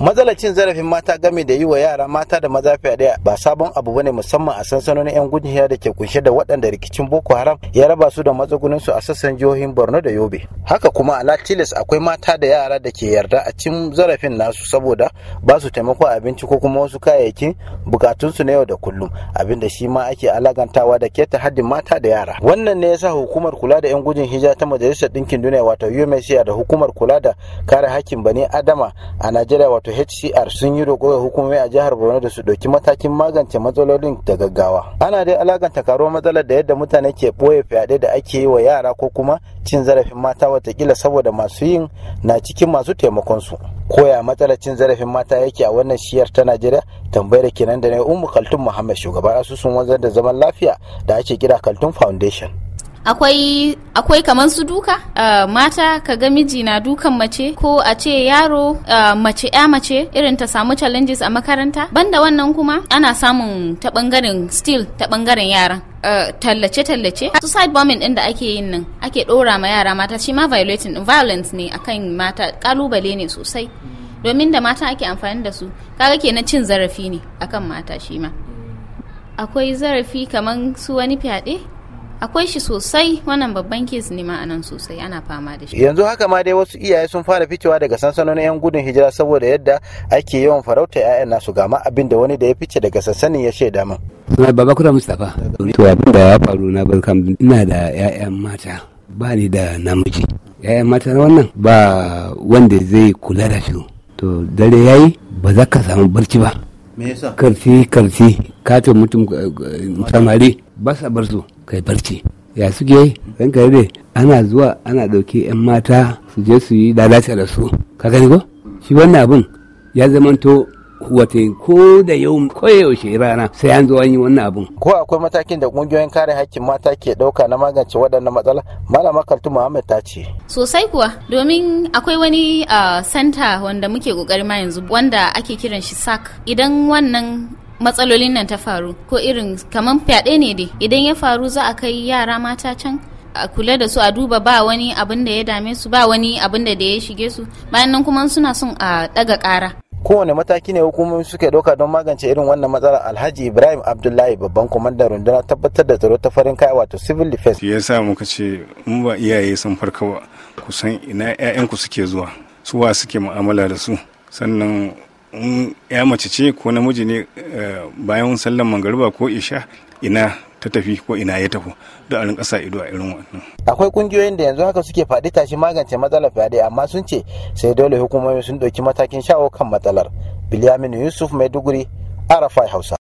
matsalar cin zarafin mata game da yi wa yara mata da maza fyaɗe ba sabon abu bane musamman a sansanonin yan gudun da ke kunshe da waɗanda rikicin boko haram ya raba su da matsugunin su a sassan jihohin borno da yobe haka kuma a latilis akwai mata da yara da ke yarda a cin zarafin nasu saboda ba su taimako abinci ko kuma wasu kayayyakin bukatunsu na yau da kullum abinda shi ma ake alagantawa da keta haddin mata da yara wannan ne yasa hukumar kula da yan gudun hijira ta majalisar ɗinkin duniya wato UNHCR da hukumar kula da kare hakkin bani adama a Najeriya wato wato hcr sun yi roƙo ga hukumomi a jihar borno da su ɗauki matakin magance matsalolin da gaggawa ana dai alakanta karo matsalar da yadda mutane ke ɓoye fyaɗe da ake yi wa yara ko kuma cin zarafin mata watakila saboda masu yin na cikin masu taimakon su koya matsalar cin zarafin mata yake a wannan shiyar ta najeriya tambayar kenan da na ummu kaltun muhammad shugaban asusun wanzar da zaman lafiya da ake kira kaltun foundation akwai akwai kamar su duka uh, mata ka ga miji na dukan mace ko a ce yaro uh, mace ya mace irin ta samu challenges a makaranta banda wannan kuma ana samun ta bangaren still ta bangaren yara Uh, tallace-tallace suicide bombing din da ake yin nan ake dora ma yara mata shi ma violating violence ne akan mata kalubale ne sosai domin da mata ake amfani da su kaga kenan cin zarafi ne akan mata shi ma akwai zarafi kaman su wani fyaɗe akwai shi sosai wannan babban kes ne ma anan sosai ana fama da shi yanzu haka ma dai wasu iyaye sun fara ficewa daga sansanonin yan gudun hijira saboda yadda ake yawan farauta 'ya'yan nasu ga ma abin da wani da ya fice daga sansanin ya shaida min baba kura mustafa. to abin da ya faru na bar kam ina da 'ya'yan mata ba ni da namiji 'ya'yan mata wannan ba wanda zai kula da su to dare yayi ba za ka samu barci ba me yasa karfi karfi katin mutum eh, eh, samari ba sa bar su kai barci ya suke ɗan karbe ana zuwa ana ɗauke 'yan mata su je su yi lalace da su ka gani ko shi wannan abin ya zamanto wata ko da yau ko yaushe rana sai an zo an yi wannan abun. Ko akwai matakin da ƙungiyoyin kare hakkin mata ke ɗauka na magance waɗannan matsala? Malama Kaltu Muhammad ta ce. Sosai kuwa domin akwai wani a ah, santa wanda muke ƙoƙari ma yanzu wanda ake kiran shi SAC. Idan wannan matsalolin nan ta faru ko irin kamar fyaɗe ne dai idan ya faru za a kai yara mata can a kula da su a duba ba wani abin da ya dame su ba wani abin da ya shige su bayan nan kuma suna son a ɗaga ƙara kowane mataki ne hukumomi suke ɗauka don magance irin wannan matsalar alhaji ibrahim abdullahi babban kwamandan rundunar tabbatar da tsaro ta farin kaya wato civil defense ya sa muka ce mu ba iyaye sun farka ba kusan ina 'ya'yanku suke zuwa su wa suke mu'amala da su sannan ya mace ce ko namiji ne eh, bayan sallan mangariba ko isha ina ta tafi ko ina ya tafi da a ƙasa ido a irin wannan. Akwai kungiyoyin da yanzu haka suke faɗi tashi magance matsalar fyaɗe amma sun ce sai dole hukumomi sun ɗauki matakin shawo kan matsalar. Biliyamin Yusuf Maiduguri, Arafai Hausa.